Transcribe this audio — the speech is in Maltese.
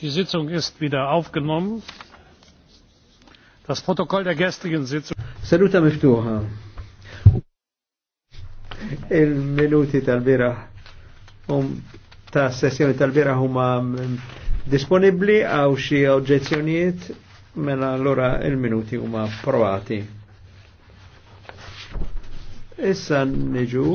die sitzung ist wieder aufgenommen. das protokoll der gestrigen sitzung. saluta miftuħa. il-minuti tal-bira um, ta' sessjoni tal-bira huma disponibli għaw xi oġġezzjonijiet mela allora il-minuti huma provati. Issa niġu